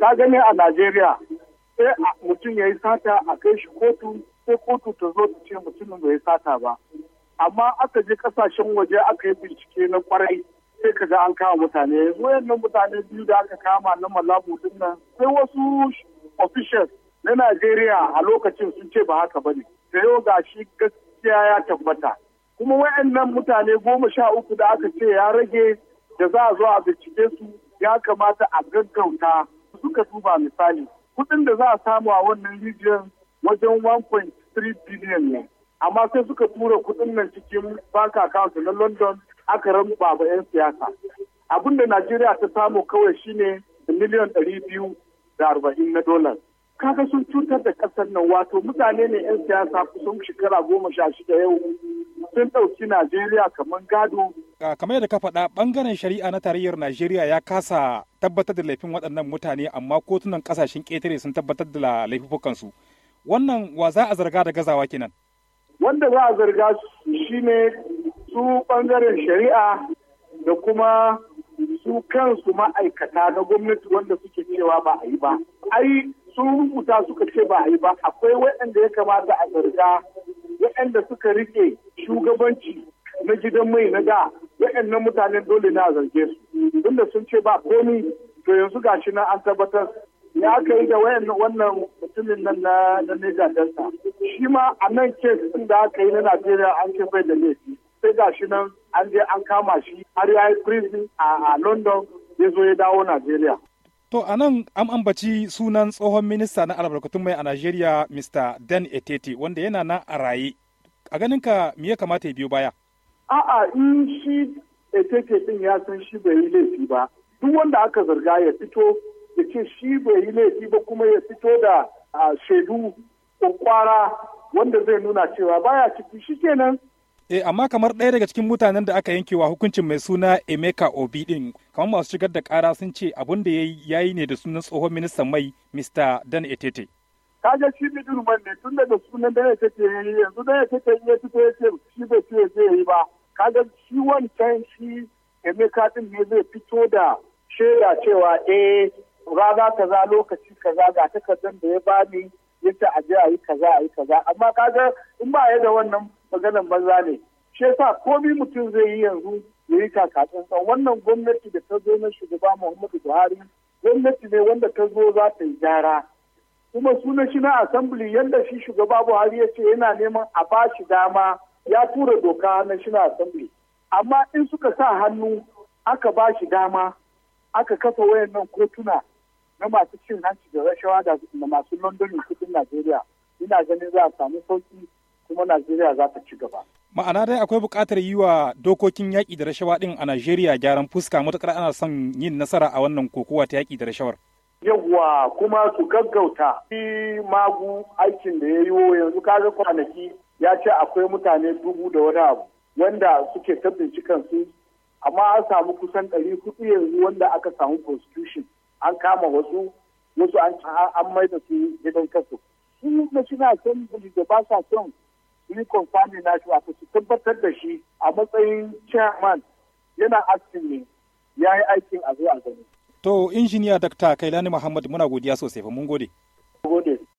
ka gani a Najeriya sai mutum ya yi sata a kai shi kotu sai kotu ta zo ta ce mutumin bai yi sata ba amma aka je kasashen waje aka yi bincike na kwarai sai ka ga an kama mutane wayannan mutane biyu da aka kama na malabu din nan sai wasu officials na Najeriya a lokacin sun ce ba haka bane da yau gashi gaskiya ya tabbata kuma wayannan mutane goma sha uku da aka ce ya rage da za a zo a bincike su ya kamata a gaggauta suka duba misali kuɗin da za a samu a wannan rijiyar wajen 1.3 biliyan ne amma sai suka tura kuɗin nan cikin bank account na london aka ramba ba 'yan siyasa abin da najeriya ta samu kawai shine miliyan 240 na dolar kaga sun cutar da kasar nan wato mutane ne 'yan siyasa kusan shekara goma sha shida yau sun ɗauki najeriya kamar gado kamar yadda ka faɗa ɓangaren shari'a na tarayyar najeriya ya kasa tabbatar da laifin waɗannan mutane amma kotunan kasashen ƙetare sun tabbatar da laifukansu wannan wa za a zarga da gazawa kenan wanda za a zarga ne su bangaren shari'a da kuma su kansu ma'aikata na gwamnati wanda suke cewa ba a yi ba ai sun rubuta suka ce ba a yi ba akwai waɗanda ya kamata a zarga waɗanda suka riƙe shugabanci na gidan mai na da waɗannan mutanen dole na zarge su tunda sun ce ba komi to yanzu gashi na an tabbatar ya aka yi da wannan mutumin nan na Niger Delta shi ma a nan ke ɗin da aka yi na Najeriya an ce bai da laifi sai gashi nan an je an kama shi har ya yi prison a London ya zo ya dawo Najeriya. To a nan an ambaci sunan tsohon minista na albarkatun mai a Najeriya Mr. Dan Etete wanda yana na a raye. A ganinka me ya kamata ya biyo baya? a'a in shi etete din ya san shi bai yi laifi ba duk wanda aka zarga ya fito ya ce shi bai yi laifi ba kuma ya fito da shaidu kwara wanda zai nuna cewa baya ciki shi kenan E, amma kamar ɗaya daga cikin mutanen da aka yankewa hukuncin mai suna Emeka Obi din kamar masu shigar da ƙara sun ce abin da ya yi ne da sunan tsohon ministan mai Mr. Dan Etete. Kaga shi bidiruman ne tun daga sunan Dan Etete ya yi yanzu Dan Etete ya fito ya ce shi bai ce ya je kaga shi wancan shi emeka din ne zai fito da shaida cewa eh ka za lokaci kaza ga takardar da ya bani yace a je a yi kaza a yi kaza amma kaga in ba ya da wannan maganan banza ne shi yasa komai mutum zai yi yanzu ya yi kakatsin wannan gwamnati da ta zo na shugaba muhammadu buhari gwamnati ne wanda ta zo za ta yi gyara kuma sunan shi na assembly yadda shi shugaba buhari ya ce yana neman a ba shi dama ya tura doka na shina assembly amma in suka sa hannu aka ba shi dama aka kafa wayan wayannan kotuna na masu cin hanci da rashawa da masu london kuɗin najeriya ina ganin za a samu sauki kuma najeriya za ta ci gaba ma'ana dai akwai buƙatar yi wa dokokin yaƙi da rashawa ɗin a najeriya gyaran fuska matuƙar ana son yin nasara a wannan kokowa ta yaƙi da rashawar yawwa kuma su gaggauta shi magu aikin da ya yi yanzu kaga kwanaki ya ce akwai mutane dubu da wani abu wanda suke ta binciken su amma an samu kusan ɗari hudu yanzu wanda aka samu constitution an kama wasu wasu an an mai da su gidan kasu sun na suna son da ba sa son su yi na shi wato su tabbatar da shi a matsayin chairman yana askin ne ya yi aikin a zuwa gani. To injiniya dakta Kailani Muhammad muna godiya sosai fa mun gode. Gode.